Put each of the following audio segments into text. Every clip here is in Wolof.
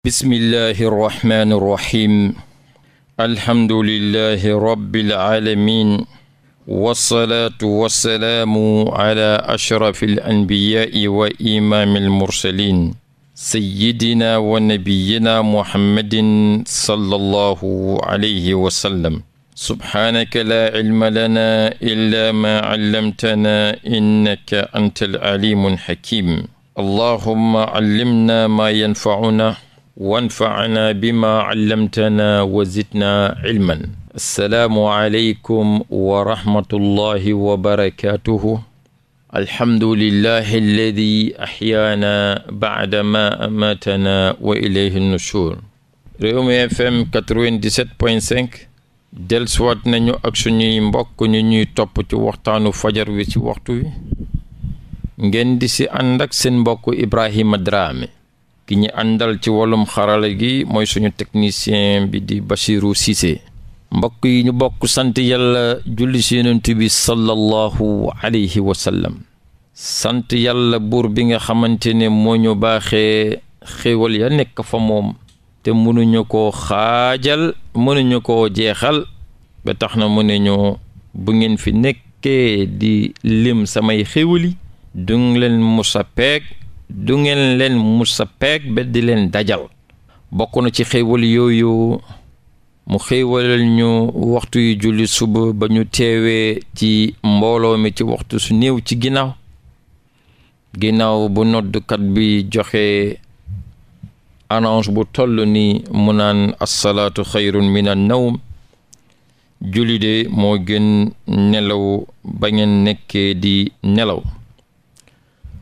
bismillahi irrahmani irrahim alhamdulillahi rabbil aalamin wassalaatu wassalaamu ala ashrafi alanbiyaai wa imaami almursalin sayyidina wa nabiyina muhammadin sallallahu alayhi wa sallam subhaanaka laa cilma lanaa illaa maa callamtanaa innaka anta alaalimu alxakim allahumma callimna maa yanfacuna wanfacna bima callamtana wa zidna cilman asalaamu aleykum wa rahmatullahi wa barakatuhu alhamdulillahi alladi axyaana bacdama amatana wa ilayhi nushur Rewmi FM 97.5 dellusiwaat nañu ak suñuy mbokk ñu ñuy topp ci waxtaanu fajar wi ci waxtu wi ngeen di si ànd ak seen mbokk Ibrahima Drame ki ñu àndal ci wàllum xarala gi mooy suñu technicien bi di Bachirou Cissé mbokk yi ñu bokk sant yàlla julli si yonent bi sallallahu alayhi wa sallam sant yàlla buur bi nga xamante ne moo ñu baaxee xéewal ya nekk fa moom te mënuñu ko xaajal mënuñu ko jeexal ba tax na mu ne ñu bu ngeen fi nekkee di lim samay xéewali du ngeen leen musa peeg du ngeen leen musa peeg ba di leen dajal bokk na ci xéewal yooyu mu xéewalal ñu waxtu yu julli suba ba ñu teewee ci mbooloo mi ci waxtu su néew ci ginnaaw ginnaaw bu noddukat bi joxe annonce bu toll ni mu naan assalaatu xayrun min an nawm julli de moo gën nelaw ba ngeen nekkee di nelaw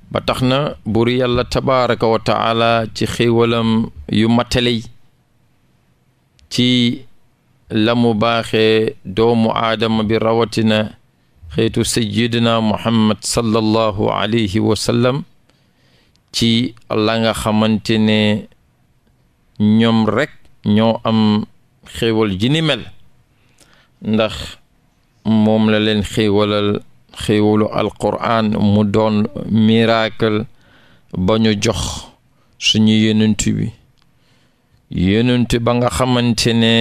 ba tax na buur yàlla tabaaraka wa taala ci xéewalam yu matale ci lamu baaxe doomu aadama bi rawatina xeetu sayyidina muhammad sallallahu alayhi wa ci la nga xamante ne ñoom rekk ñoo am xéewal ji ndax moom la xéewalu alquran mu doon miracle ba ñu jox suñu yenent bi yenent ba nga xamante ne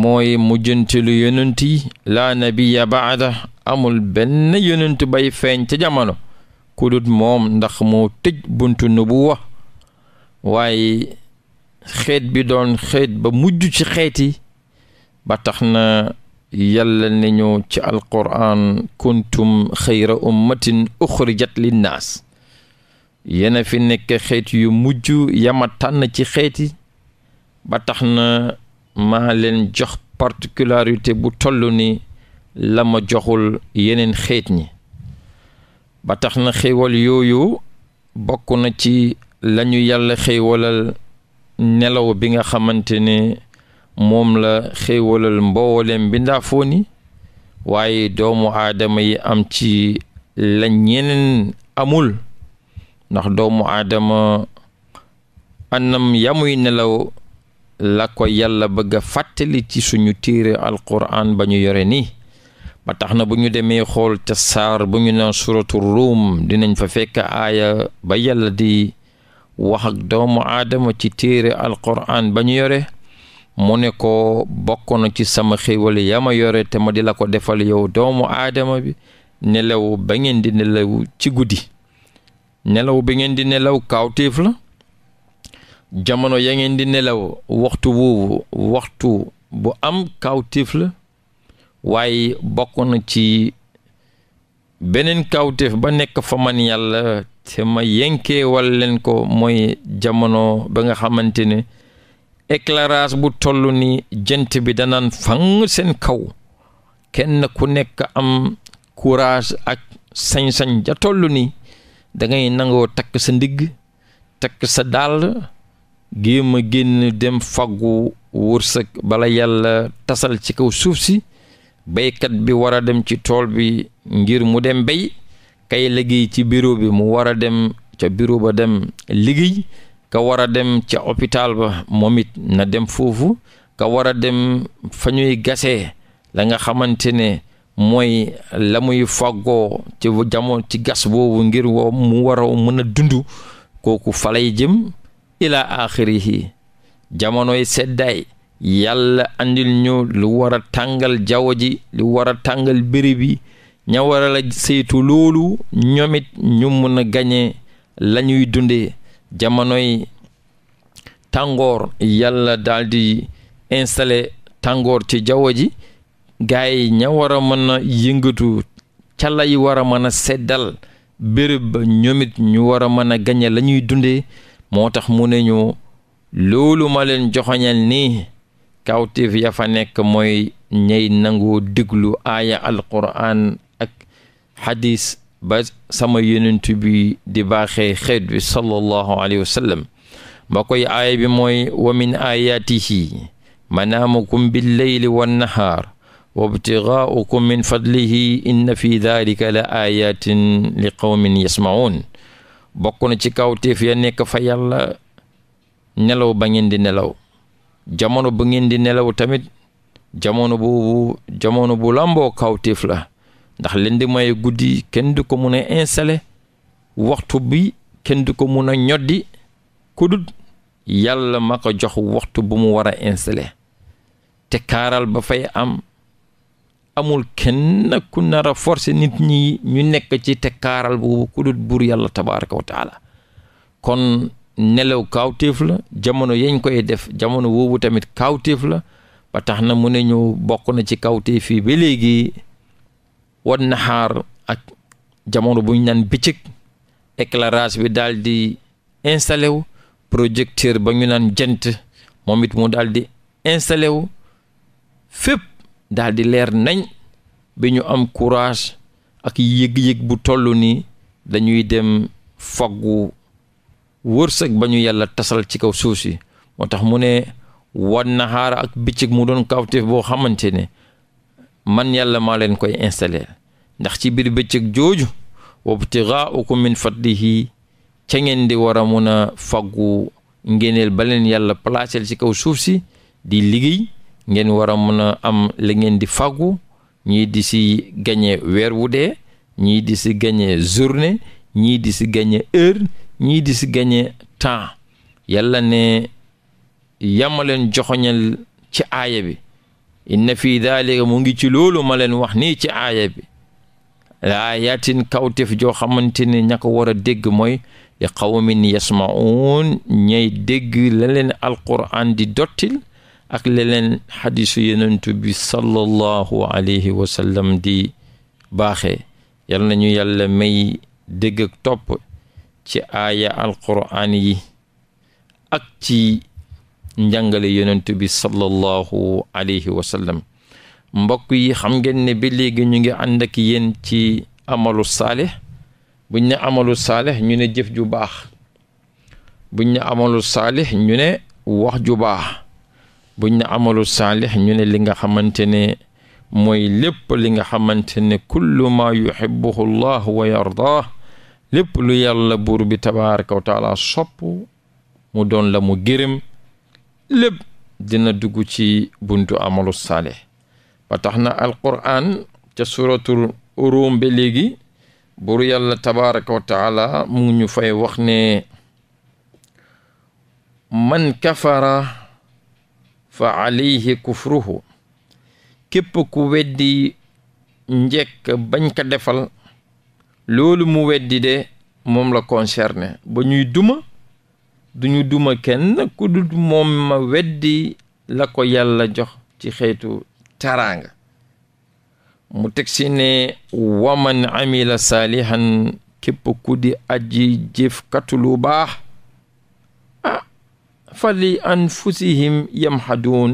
mooy mujjantelu yenent yi laa nabiya baada amul benn yenent bay feeñ ca jamono ku moom ndax moo tëj buntu nubuwa waaye xeet bi doon xeet ba mujj ci xeet yi ba tax na yàlla nañu ci alquran kuntum xayra ummatin uxrijat linnaas yéen a fi nekk xeet yu mujj yama tànn ci xeeti ba tax na maa leen jox particularité bu toll ni lama joxul yeneen xeet ñi ba tax na xéewal yooyu bokk na ci lañu yàlla xéewalal nelaw bi nga xamante ne moom la xéewalal mboolem bi ndaafoo ni waaye doomu aadama yi am ci lañ yeneen amul ndax doomu aadama anam yamuy nelaw la ko yàlla bëgg a fàttali ci suñu téere alquran ba ñu yore nii ba tax na bu ñu demee xool ca saar bu ñu naan suratu ruum dinañ fa fekk aaya ba yàlla di wax doomu aadama ci téere alquran ba ñu yore mu ne ko bokk na ci sama xéewal ya ma yore te ma di la ko defal yow doomu aadama bi nelaw ba ngeen di nelaw ci guddi nelaw ba ngeen di nelaw kawtéef la jamono ya ngeen di nelaw waxtu woowu waxtu bu am kawtéef la waaye bokk na ci beneen kawtéef ba nekk fa man yàlla te ma yenkee wal leen ko mooy jamono ba nga xamante ne éclairage bu toll ni jant bi danaan fang seen kaw kenn ku nekk am courage ak sañ-sañ ja toll ni dangay nangoo takk sa ndigg takk sa dàll géem génn dem faggu wërsëg bala yàlla tasal ci kaw suuf si béykat bi wara dem ci tool bi ngir mu dem béy kay liggéey ci bureau bi mu wara dem ca bureau ba dem liggéey ka war a dem ca hôpital ba moom it na dem foofu ka war a dem fa ñuy gasee la nga xamante ne mooy la muy faggoo ci jamono ci gas boobu ngir woo mu war a mën a dund kooku falay jëm ila axirihi jamonoy seddaay yàlla andil ñu lu war a tàngal jaww ji lu war a tàngal béréb bi ña war a la loolu ñoom it ñu mën a gañe la ñuy dundee jamonoy tàngoor yàlla daldi di tàngoor ci jaww ji gars yi ña war a mën a yëngatu cala yi war a mën a seddal béréb ba ñoom ñu war a mën a gañe la ñuy dundee moo tax mu ne ñu loolu ma leen joxoñal nii kawtif ya fa nekk mooy ñey nangoo diglu aaya alquran ak hadis ba sama yonent bi di baaxee xeet bi sallallahu alayhi wa sallam ba koy aaya bi mooy wa min ayaatihi manaamukum billeyli wannahaar wa btigaaukum min fadlihi inna fi dalika la ayatin li qawmin yasmaun bokk ci kawteef ya nekk fa yàlla nelaw ba ngeen di nelaw jamono ba ngeen di nelaw tamit jamono boobu jamono bu làmboo kawteef la ndax leen di maye guddi kenn du ko mun a installé waxtu bi kenn du ko mun a ñoddi kudut yàlla ma ko jox waxtu bu mu war a installé te kaaral ba fay am amul kenn ku nara a forcé nit ñi ñu nekk ci te kaaral boobu kudut buur yàlla tabaraka wa kon nelaw kaawteef la jamono yañ koy def jamono woowu tamit kaawteef la ba tax na mu ne ñu bokk na ci kaawteef ba léegi wan naxaar ak jamono bu ñu naan bëccëg éclairage bi daal di installé wu projecteur ba ñu naan jant moom it mu daal di installé wu fépp daal leer nañ bi ñu am courage ak yëg-yëg bu toll ni dañuy dem faggu wërsëg ba ñu yàlla tasal ci kaw suuf si moo tax mu ne wan naxaar ak bëccëg mu doon kawteef boo xamante ne man yàlla ma leen koy installé ndax ci biir bëccëg jooju wabtigaaukum min fadlihi ca ngeen di war a mun a faggu ngeneel ba leen yàlla placer ci kaw suuf si di liggéey ngeen war a mun a am la ngeen di faggu ñii di si gagné weer wu dee ñii di si gagné journée ñii di si gagné heure ñii di si gañe temps yàlla ne yamaleen joxoñal ci aaya bi inna fi daalika mu ngi ci loolu ma leen wax ni ci aaya bi laa yaatin joo xamante ne ña ko dégg mooy li qawmin yasma'uun ñay dégg la leen alquran di dottil ak la leen xadisu yenentu bi sallallahu alayhi di baaxe yal nañu yàlla may dégg topp ci aaya alquran yi ak ci njàngale yonent bi sallallahu alayhi wa mbokk yi xam ngeen ne ba léegi ñu ngi ànd ak yéen ci amalu saalih buñ ne amalu saalih ñu ne jëf ju baax buñ amalu saalih ñu ne wax ju baax buñ amalu saalih ñu ne li nga xamante ne mooy lépp li nga xamante ne kullu maa yuhibbuhu allah wa yardah lépp lu yàlla buur bi tabaraka wa taala sopp mu doon la mu gërëm lépp dina dugg ci buntu amalu saalih ba tax na alquran ca suratul urum ba léegi buur yàlla tabaraka wa taala mu ñu fay wax ne man kafara fa alayhi kufruhu képp ku weddi njekk bañ ko defal loolu mu weddi de moom la concerné ba ñuy duma duñu duma kenn ku dul moom ma weddi la ko yàlla jox ci xeetu taraanga mu teg ci ne waman amila saalihan képp ku di aji jëf katu lu baax ah fali anfusihim yamhaduun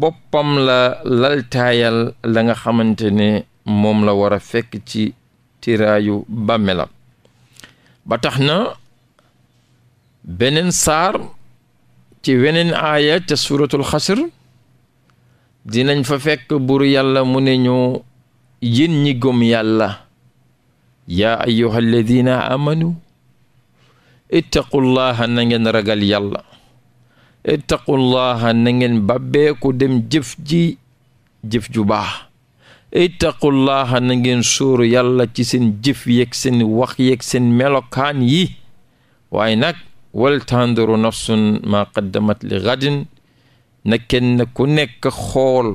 boppam la laltaayal la nga xamante ne moom la war fekk ci tiraayu bàmmelam ba tax na beneen saar ci weneen aaya ca suuratul xasr dinañ fa fekk buur yàlla mu ne ñu yéen ñi gëm yàlla yaa ayyuha alladina amanu ittaqullaha na ragal yàlla ittaqullaha na bàbbeeku dem jëf ji jëf ju baax ittaqullaha na ngeen sóoru yàlla ci seen jëf yeeg seen wax yeeg seen melokaan yi waaye nag wal tandiru nafsun maa qaddamat na kenn ku nekk xool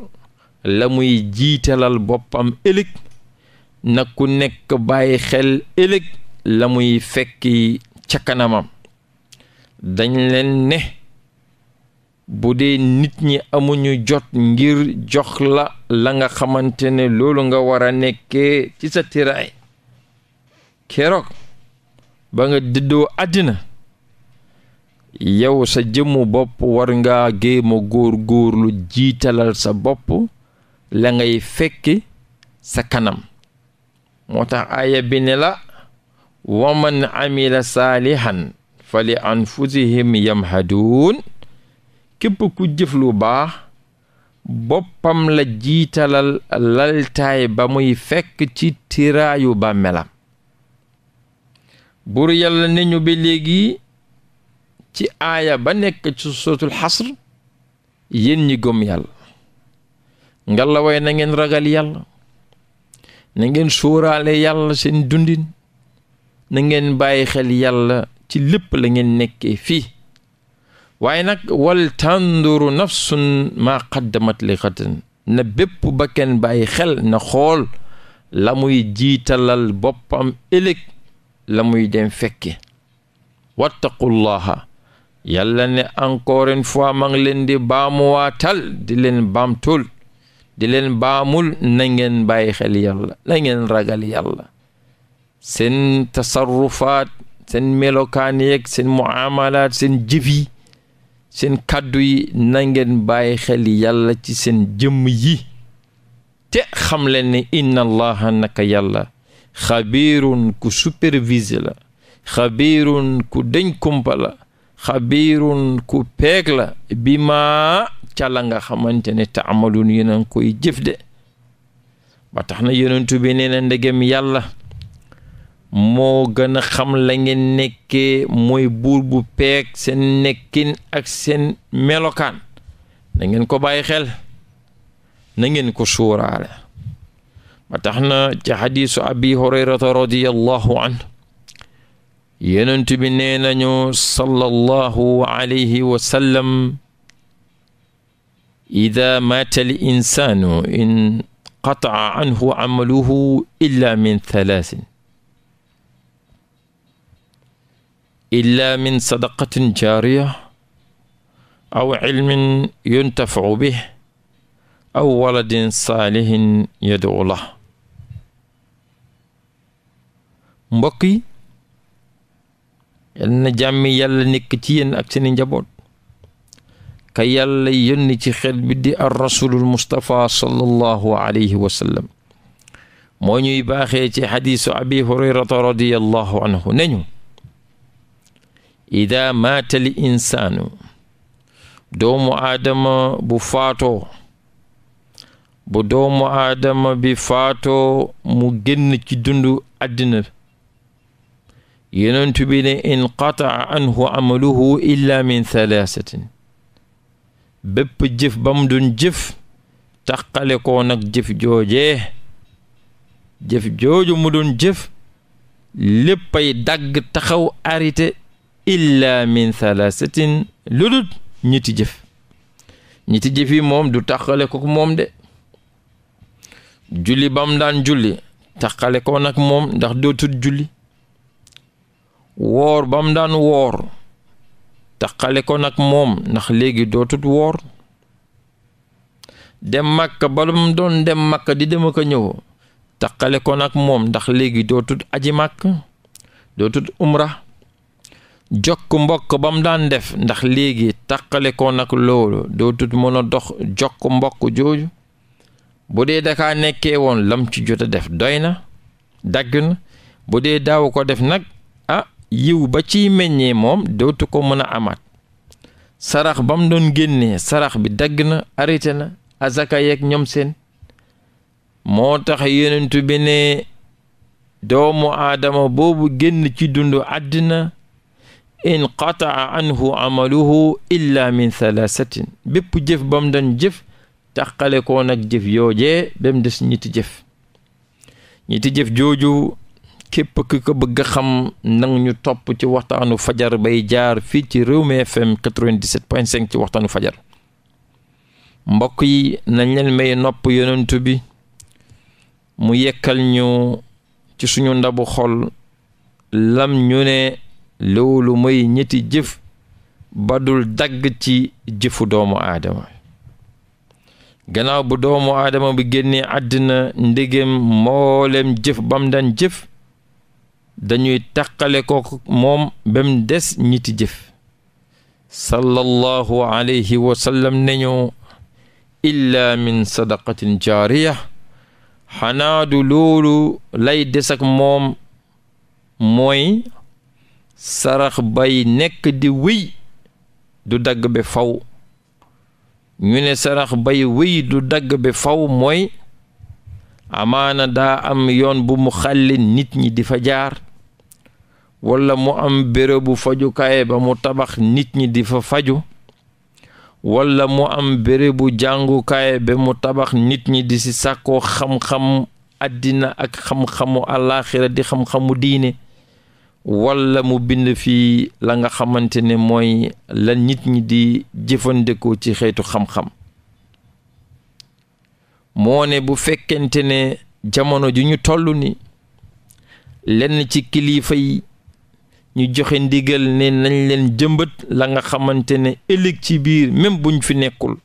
la muy jiitalal boppam ëllëg na ku nekk bàyyi xel ëllëg la muy fekki ca kanamam dañ leen ne bu dee nit ñi amuñu jot ngir jox la la nga xamante ne loolu nga war a nekkee ci sa tiraay keroog ba nga dëddoo àddina yow sa jëmmu bopp war ngaa géema góor góorlu jiitalal sa bopp la ngay fekk sa kanam moo tax aaya bi ne la wa man amila saalihan fa li anfusihim yamhaduun képp ku jëf lu baax boppam la jiitalal laltaay ba muy fekk ci tiraayu bàmmelam bur yàlla ne ñu ba léegi ci aaya ba nekk ci suratul xasr yéen ñi gëm yàlla ngalla way na ngeen ragal yàlla na ngeen sóoraale yàlla seen dundin na ngeen bàyyi xel yàlla ci lépp la ngeen nekkee fii waaye nag wal tànduru nafsun maa qaddamat li xadan na bépp ba kenn bàyyi xel na xool la muy jiitalal boppam ëllëg la muy dem fekke wattaqullaha yàlla ne encore une fois ma leen di baamuwaatal di leen baamtul di leen baamul na ngeen bàyyi xel yàlla na ngeen ragal yàlla seen tasarrufaat sen melokaan yeeg seen muamalaat seen jëf yi seen kàddu yi na ngeen bàyyi xel yàlla ci seen jëmm yi te xam leen ne inna naka yàlla xabiirun ku supervise la xabiirun ku deñ kumpa la xabiirun ku peeg la bi ma ca la nga xamante ne taamalun yéen koy jëf de ba tax na yonentu bi nee ndegem yàlla moo gën a xam la ngeen nekkee buur bu peek seen nekkin ak seen melokaan na ko bàyyi xel na ngeen ko suuraale ba tax na ci xadiisu abi hurayrata radiallahu anhu yonent bi nee nañu sallallahu alayhi wa sallam ida maata al insaanu in qataa anhu amaluhu illa min thalaasin illa min sadaqatin jaariya aw cilmin yuntafacu bih aw waladin saalihin yad'u lah mbokk yi yal yàlla nekk ci yenn ak seeni njaboot ka yàlla yónni ci xel bi di ar rasulul mustapha sallallahu alayhi moo ñuy baaxee ci xadiisu abi hurayrata radiallahu anhu nañu ida maatali insaanu doomu aadama bu faatoo bu doomu aadama bi faatoo mu génn ci dundu àddina yonent bi ne inqataa anhu amaluhu illa min thalathatin bépp jëf ba mu doon jëf taqale koo nag jëf joojee jëf jooju mu doon jëf léppay dagg taxaw arité illa min thalathatin lu dul jëf ñetti jëf moom du taqale ko moom de julli ba daan julli taqale koo nag moom ndax dootul julli woor ba mu daan woor taxale ko nag moom ndax léegi dootut woor dem màkk bala mu doon dem màkk di dem ko ñëw taxale ko nag moom ndax léegi dootut aji màkk dootut umra jokk mbokk ba mu daan def ndax léegi taxale ko nag loolu dootut mën a dox jokk mbokk jooju bu dee dakaa nekkee woon lam ci jot a def doy na dagg na bu dee daaw ko def nag ah yiw ba ci meññee moom dootu ko mën a amaat sarax ba doon génnee sarax bi dagg na arrêté na azaka yeeg ñoom seen moo tax yonent bi ne doomu aadama boobu génn ci dundu àddina in qataa anhu amaluhu illa min thalathatin bépp jëf ba mu doon jëf taqale koo nag jëf yooje ba mu des ñitti jëf ñitti jëf jooju képp ku ko bëgg xam nag ñu topp ci waxtaanu fajar bay jaar fii ci Rewmi FM 97.5 ci waxtaanu fajar mbokk yi nañ leen may nopp yonent bi mu yekkal ñu ci suñu ndabu xol lam ñu ne loolu mooy ñetti jëf ba dul dagg ci jëfu doomu aadama gannaaw bu doomu aadama bi génnee àddina ndegem mboolem jëf bam daan jëf dañuy taqale ko moom ba des ñiti jëf sallallahu alayhi wa sallam nañu illa min sadaqatin jaariya xanaa du loolu lay des ak moom mooy sarax bay nekk di wéy du dagg be faw ñu ne sarax bay wéy du dagg be faw mooy amaana daa am yoon bu mu xàlle nit ñi di fa jaar wala mu am bérébu fajukaay ba mu tabax nit ñi di fa faju wala mu am bërëbu jàngukaay ba mu tabax nit ñi di ci sàkkoo xam-xam àddina ak xam-xamu àllaaxira di xam-xamu diine wala mu bind fi la nga xamante ne mooy la nit ñi di jëfandikoo ci xeetu xam-xam moo ne bu fekkente ne jamono ju ñu toll ni lenn ci kilifa yi ñu joxe ndigal ne nañ leen jëmbat la nga xamante ne ëllëg ci biir même buñ fi nekkul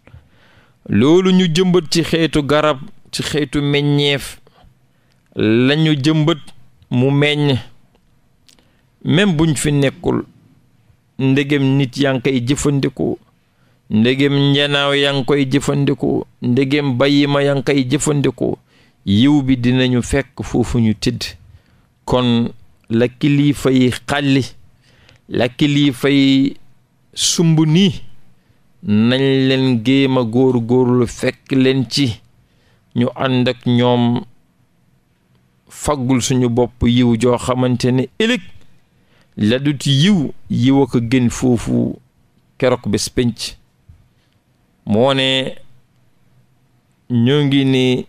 loolu ñu jëmbët ci xeetu garab ci xeetu meññeef lañu jëmbët mu meññ même buñ fi nekkul ndegem nit yaa ngi koy jëfandikoo ndegem njanaaw yaa ngi koy jëfandikoo ndegem bayima yaa ngi koy jëfandikoo yiw bi dinañu fekk foofu ñu tëdd kon la kilifa yi sumb nii nañ leen géem a góor góorlu fekk leen ci ñu ànd ak ñoom faggul suñu bopp yiw joo xamante ne ëllëg la dut yiw yiw ako ko gën foofu keroog bés pénc moo ne ñoo ngi ni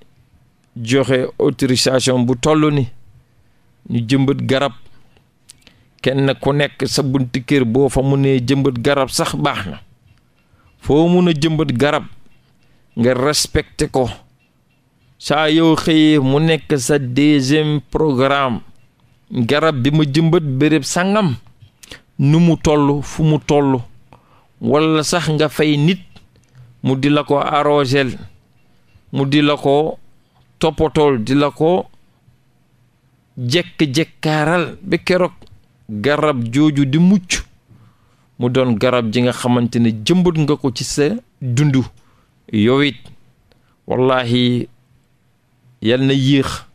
joxe autorisation bu toll ni ñu jëmbat garab kenn ku nekk sa bunti kër boo fa mu nee jëmbat garab sax baax na foo mun a jëmbat garab nga respecté ko saa yow xëyee mu nekk sa deuxième programme garab bi ma jëmbat béréb sangam nu mu toll fu mu tollu walla sax nga fay nit mu di la ko arrosel mu di la ko toppatool di la ko jekk-jekkaaral ba keroog garab jooju di mucc mu doon garab ji nga xamante ne jëmbët nga ko ci sa dundu yow it wallahi yal na yéex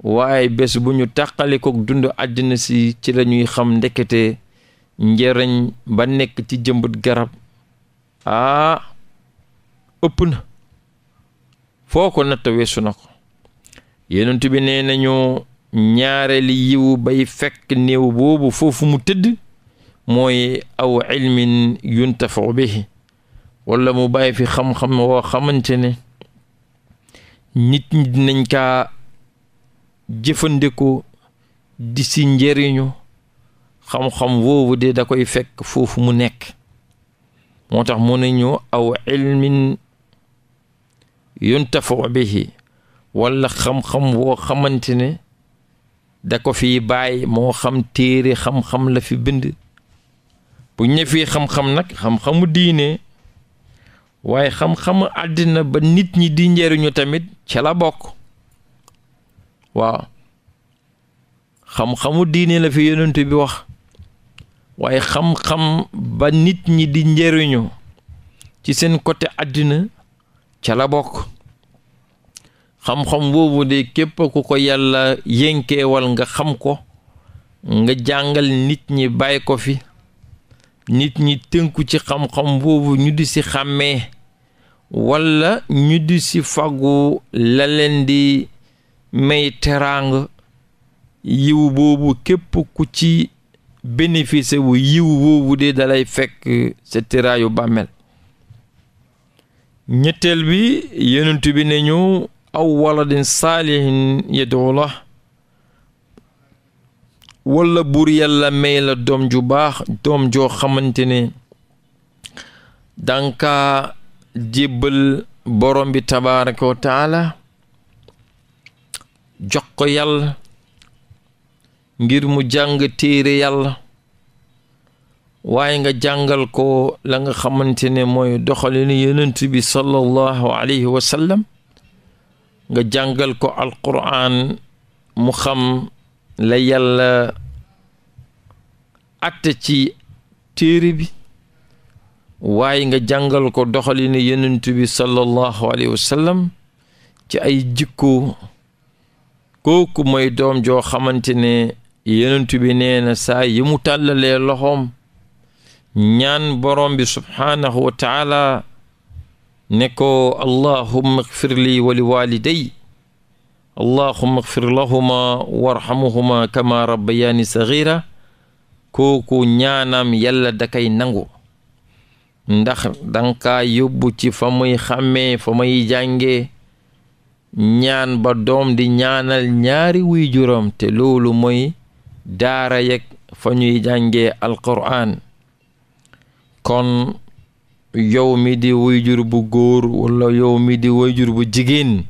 waaye bés bu ñu tàqali kook dund àddina si ci la ñuy xam ndekete njëriñ ba nekk ci jëmbët garab aa ah, ëpp na foo ko natt weesu na ko yenentu bi nee nañu ñaareel yiwu bay fekk néew boobu foofu mu tëdd mooy aw ilmin yuntafau bihi walla mu bàyyi fi xam-xam woo xamante ne nit ñi dinañ kaa jëfandikoo di si njëriñu xam-xam woowu de da koy fekk foofu mu nekk moo tax mu ne ñu aw ilmin yuntafau bihi wala xam-xam woo xamante ne da ko fi bàyyi moo xam téere xam-xam la fi bind bu ñu fii xam-xam nag xam-xamu diine waaye xam-xamu àddina ba nit ñi di njëriñu tamit ca la bokk waaw xam-xamu diine la fi yonent bi wax waaye xam-xam ba nit ñi di njëriñu ci seen côté àddina ca la bokk xam-xam boobu de képp ku ko yàlla yënkeewal nga xam ko nga jàngal nit ñi bàyyi ko fi nit ñi tënku ci xam-xam boobu ñu di ci xàmmee walla ñu di si fagu la leen di may teraang yiw boobu képp ku ci bénéfice wu yiw boobu de dalay fekk sa teraayu bàmmeel ñetteel bi yonent bi ne ñu aw waladin saalihin yad'u lah wala buur yàlla may la doom ju baax doom joo xamante ne danka jébbal borom bi tabaraka wa taala jox ko yàlla ngir mu jàng téere yàlla waaye nga jàngal ko la nga xamante ne mooy doxalinu yonent bi sallallahu alayhi wa nga jàngal ko alquran mu xam la yàlla atte ci téere bi waaye nga jàngal ko doxalinu yenentu bi sallallahu alayhi wa ci ay jikko kooku mooy doom joo xamante ne yenentu bi neena na saa yi mu tàllalee loxoom ñaan borom bi subhaanahu wa ne ko allahumma xfir li wa li waliday allahumma xfir lahuma warhamuhuma kama rabbayaani saxiira ñaanam yalla dakay nangu ndax danga yóbbu ci fa muy xàmmee fa muy jànge ñaan ba doom di ñaanal ñaari wuy te loolu moy daara yeg fa ñuy jànge alquraan kon yow mi di wayjur bu góor wala yow mi di wayjur bu jigéen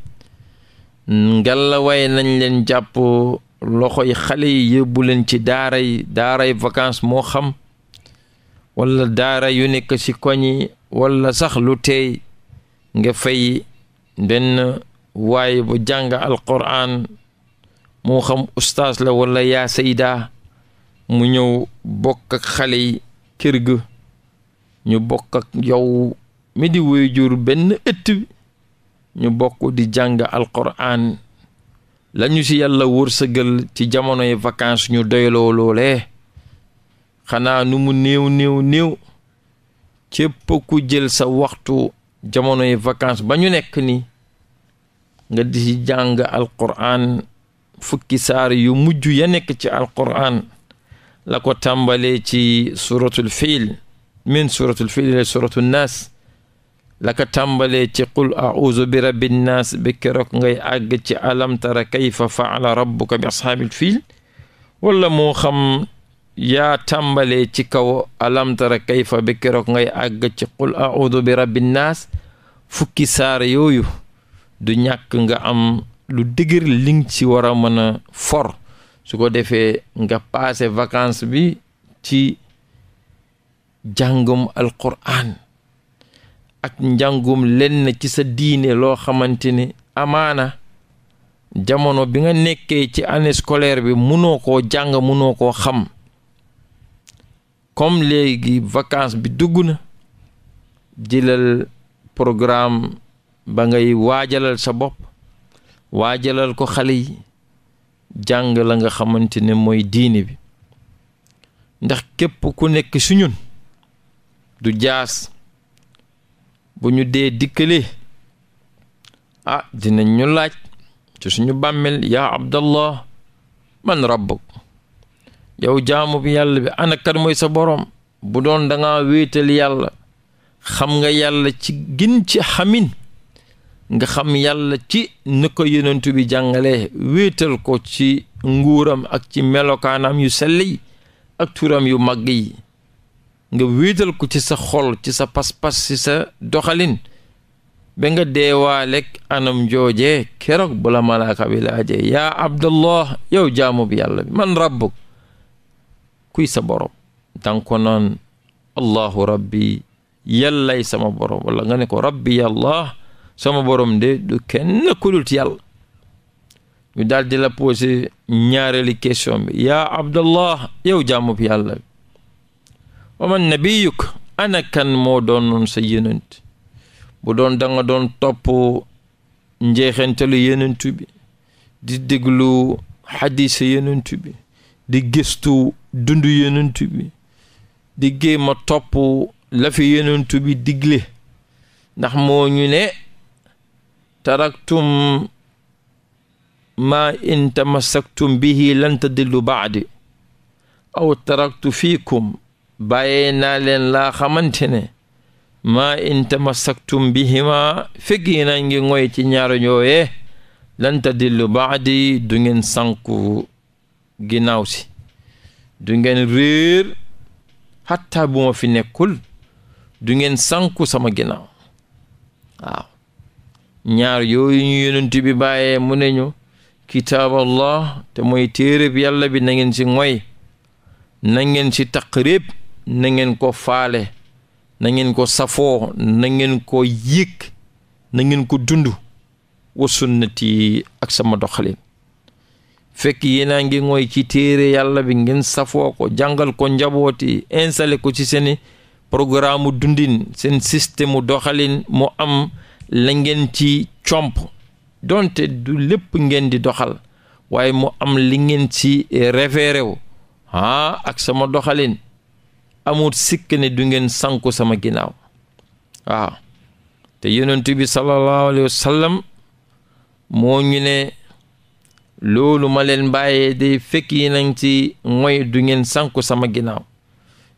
ngalla waay nañ leen jàpp loxoy xale yi yóbbu leen ci daara yi daaray vacances moo xam wala daara yu nekk ci koñ yi wala sax lu teey nga fay benn waay bu jàng alquran moo xam ustaas la walla yaa sayda mu ñëw bokk ak xale yi kër ga ñu bokk ak yow mi di woy jur benn ëtt bi ñu bokk di jàng alquran lañu ci yàlla wërsëgal ci jamonoy vacances ñu doyloo loolee xanaa nu mu néew néew néew cépp ku jël sa waxtu jamonoy vacances ba ñu nekk ni nga di jàng alquran fukki saar yu mujj ya nekk ci alquran la ko tàmbalee ci suratul fiil min suratul fiil ila suratul naas la ka tàmbalee ci qul auzu bi rabbin naas bi keroog ngay àgg ci alam tara kayfa faala rabbuka bi ashaabil fiil wala moo xam yaa tàmbalee ci kaw alam tara kayfa bi keroog ngay àgg ci qul auzu bi rabbin naas fukki saar yooyu du ñàkk nga am lu digir ling ci war a mën a for su ko defee nga paase vacances bi ci njàngum alquraan ak njàngum lenn ci sa diine loo xamante ni amaana jamono bi nga nekkee ci année scolaire bi mënoo koo jàng mënoo koo xam comme léegi vacances bi dugg na jëlal programme ba ngay waajalal sa bopp waajalal ko xale yi jàng la nga xamante ne mooy diine bi ndax képp ku nekk su ñun du jaas bu ñu dee dikkale ah dinañ ñu laaj ci suñu bàmmeel yaa abdallah man rabbuk yow jaamu bi yàlla bi ana kan mooy sa boroom bu doon danga ngaa yàlla xam nga yàlla ci gin ci xamin nga xam yàlla ci ni ko yonentu bi jàngalee wéetal ko ci nguuram ak ci melokaanam yu selli ak turam yu màgg yi nga wiital ko ci sa xol ci sa pas-pas ci sa doxalin ba nga deewaaleeg anam jooje keroog bu la malaaka bi laajee yaa abdallah yow jaamu bi yàlla man rabbuk kuy sa borom danga ko noon allahu rabbi yàllay sama borom wala nga ne ko rabbi yàlla sama borom de du kenn ku dul yàlla ñu daldi la posé ñaareeli question ya yaa abdallah yow jaamu bi yàlla wa man nabiyuk ana kan moo doon sa yenent bu doon da doon topp njeexentalu yenentu bi di déglu xadisa yenentu bi di gëstu dundu yenentu bi di géem a topp la fi yenentu bi digle ndax moo ñu ne taraktum ma in tamassaktum bihi lan tadillu baadi aw taraktu fiikum bàyyee naa leen laa xamante ne maa ma tamassaktum bihima fekki na ngi ngoy ci ñaar ñooyee lan tadillu baadi du ngeen sànku ginnaaw si du ngeen réer xatta bu fi nekkul du ngeen sànku sama ginaaw waaw ñaar yooyu ñu yonent bi bàyyee mu ne ñu kitaaballah te mooy téereb yàlla bi na ngeen si ngoy na ngeen si taqrib na ngeen ko faale na ngeen ko safoo na ngeen ko yëg na ngeen ko dund wa sunnati ak sama doxalin fekk yéenaa ngi mooy ci téere yàlla bi ngeen safoo ko jàngal ko njabooti installé ko ci seeni programme dundin seen système doxalin mu am la ngeen ci comp donte du lépp ngeen di doxal waaye mu am li ngeen ci référé wu ah ak sama doxalin amul sikk ne du ngeen sanku sama ginaaw waaw te yonent bi sallallahu alayhi wa sallam moo ñu ne loolu ma leen bàyyee day fekk yi nañ ci mooy du ngeen sanku sama ginaaw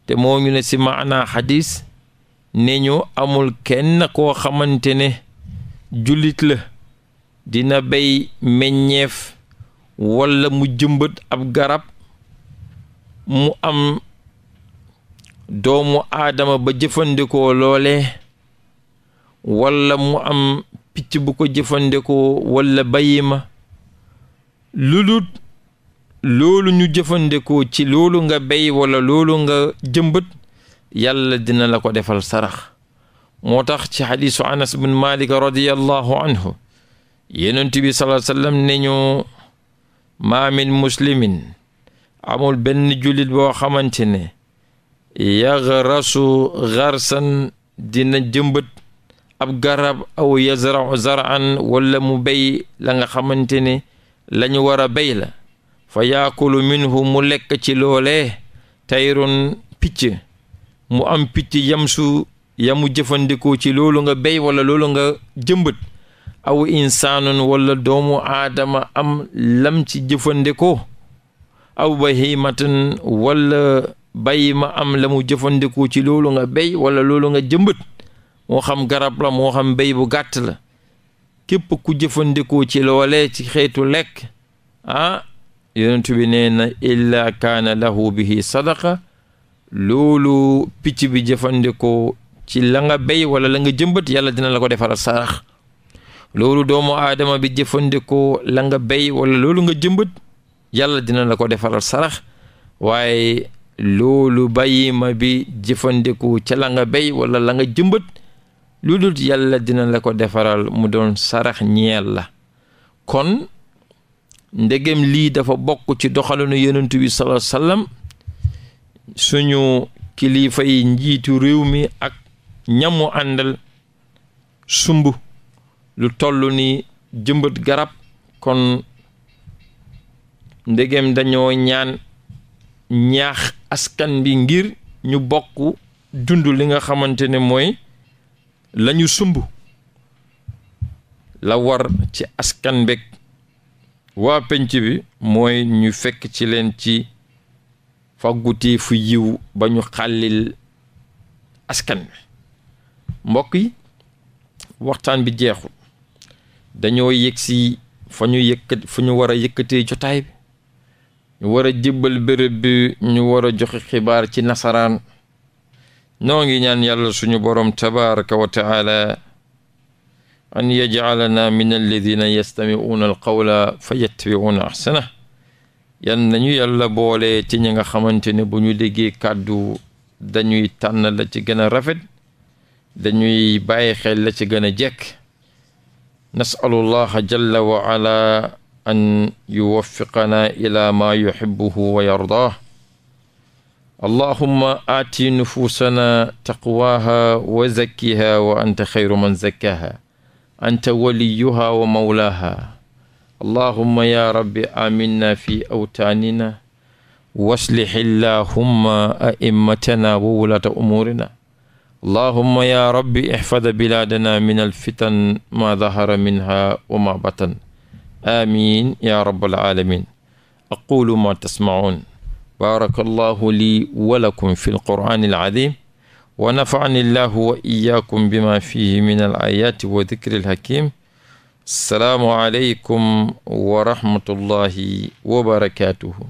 te moo ñu ne ci maanaa xadis ne ñu amul kenn koo xamante ne jullit la dina béy meññeef walla mu jëmbët ab garab mu am doomu aadama ba jëfandikoo loole walla mu am picc bu ko jëfandikoo walla bayi ma lulut loolu ñu jëfandikoo ci loolu nga bay walla loolu nga jëmbët yàlla dina la ko defal sarax moo tax ci xadiisu anas bin malik radiallahu anhu yenentu bi salaa sallam ne ñu maa muslimin amul benn jullit boo xamante ne yaxrasu xarsan dina jëmbët ab garab aw yazrau zaran wala mu béy la nga xamante ne lañu ñu war a béy la fa yaakulu minhu mu lekk ci loole tayrun picc mu am picc yamsu yamu jëfandikoo ci loolu nga béy wala loolu nga jëmbët aw insaanun wala doomu aadama am lam ci jëfandikoo aw bahimatan wala bàyyi ma am la mu jëfandikoo ci loolu nga béy wala loolu nga jëmbët moo xam garab la moo xam béy bu gàtt la képp ku jëfandikoo ci loolee ci xeetu lekk ah yonent bi nee na illaa kaana lahu bihi sadaqa loolu picc bi jëfandikoo ci la nga béy wala la nga jëmbët yàlla dina la ko defara sarax loolu doomu aadama bi jëfandikoo la nga béy wala loolu nga jëmbët yàlla dina la ko defaral sarax waaye loolu bàyyi ma bi jëfandiku ca la nga béy wala la nga jëmbat lu dul yàlla dina la ko defaral mu doon sarax ñeel la kon ndegem lii dafa bokk ci doxalinu yonent bi sallallahu suñu kilifa yi njiitu réew mi ak ñamu àndal sumb lu toll ni jëmbat garab kon ndegem dañoo ñaan ñaax askan bi ngir ñu bokk dund li nga xamante ne mooy lañu ñu sumb la war ci askan beeg waa penc bi mooy ñu fekk ci leen ci faggutee fu yiw ba ñu xàllil askan bi mbokk yi waxtaan bi jeexul dañoo yëg fa ñu yëkkat fu war a yëkkatee jotaay bi ñu war a jibbal béréb bi ñu war a joxe xibaar ci nasaraan noo ngi ñaan yàlla suñu boroom tabaraka wa taala an yajcalana min alladina yastamicuuna alqawla fa yattabicuuna axsana yan nañu yàlla boole ci ñi nga xamante ne bu ñu déggee kàddu dañuy tànn la ci gën a rafet dañuy bàyyi xel la ci gën a jekk nasalu llaha jalla wa ala an yuwaffiqanaa ilaa maa yuhibbuhu wa yardaah allahumma aati nufuusanaa taqwaaha wa zakkiha wa anta xayru man zakkaha anta waliyuha wa mawlaaha allahumma ya rabbi aminna fi awtaanina waslih illahumma a'immatana wa wulaata umuurina allahumma ya rabbi ihfad bilaadana min alfitan ma dahara minha wa ma batan amin ya rabbal alamin aqulu ma tasmaun baaraka allahu lii walakum fi lqur'ani alazim wa nafa'ani allahu wa iyaakum bima fihi min alayaati wa dikri alhakim asalaamu aleykum wa rahmatullahi wa barakatuhu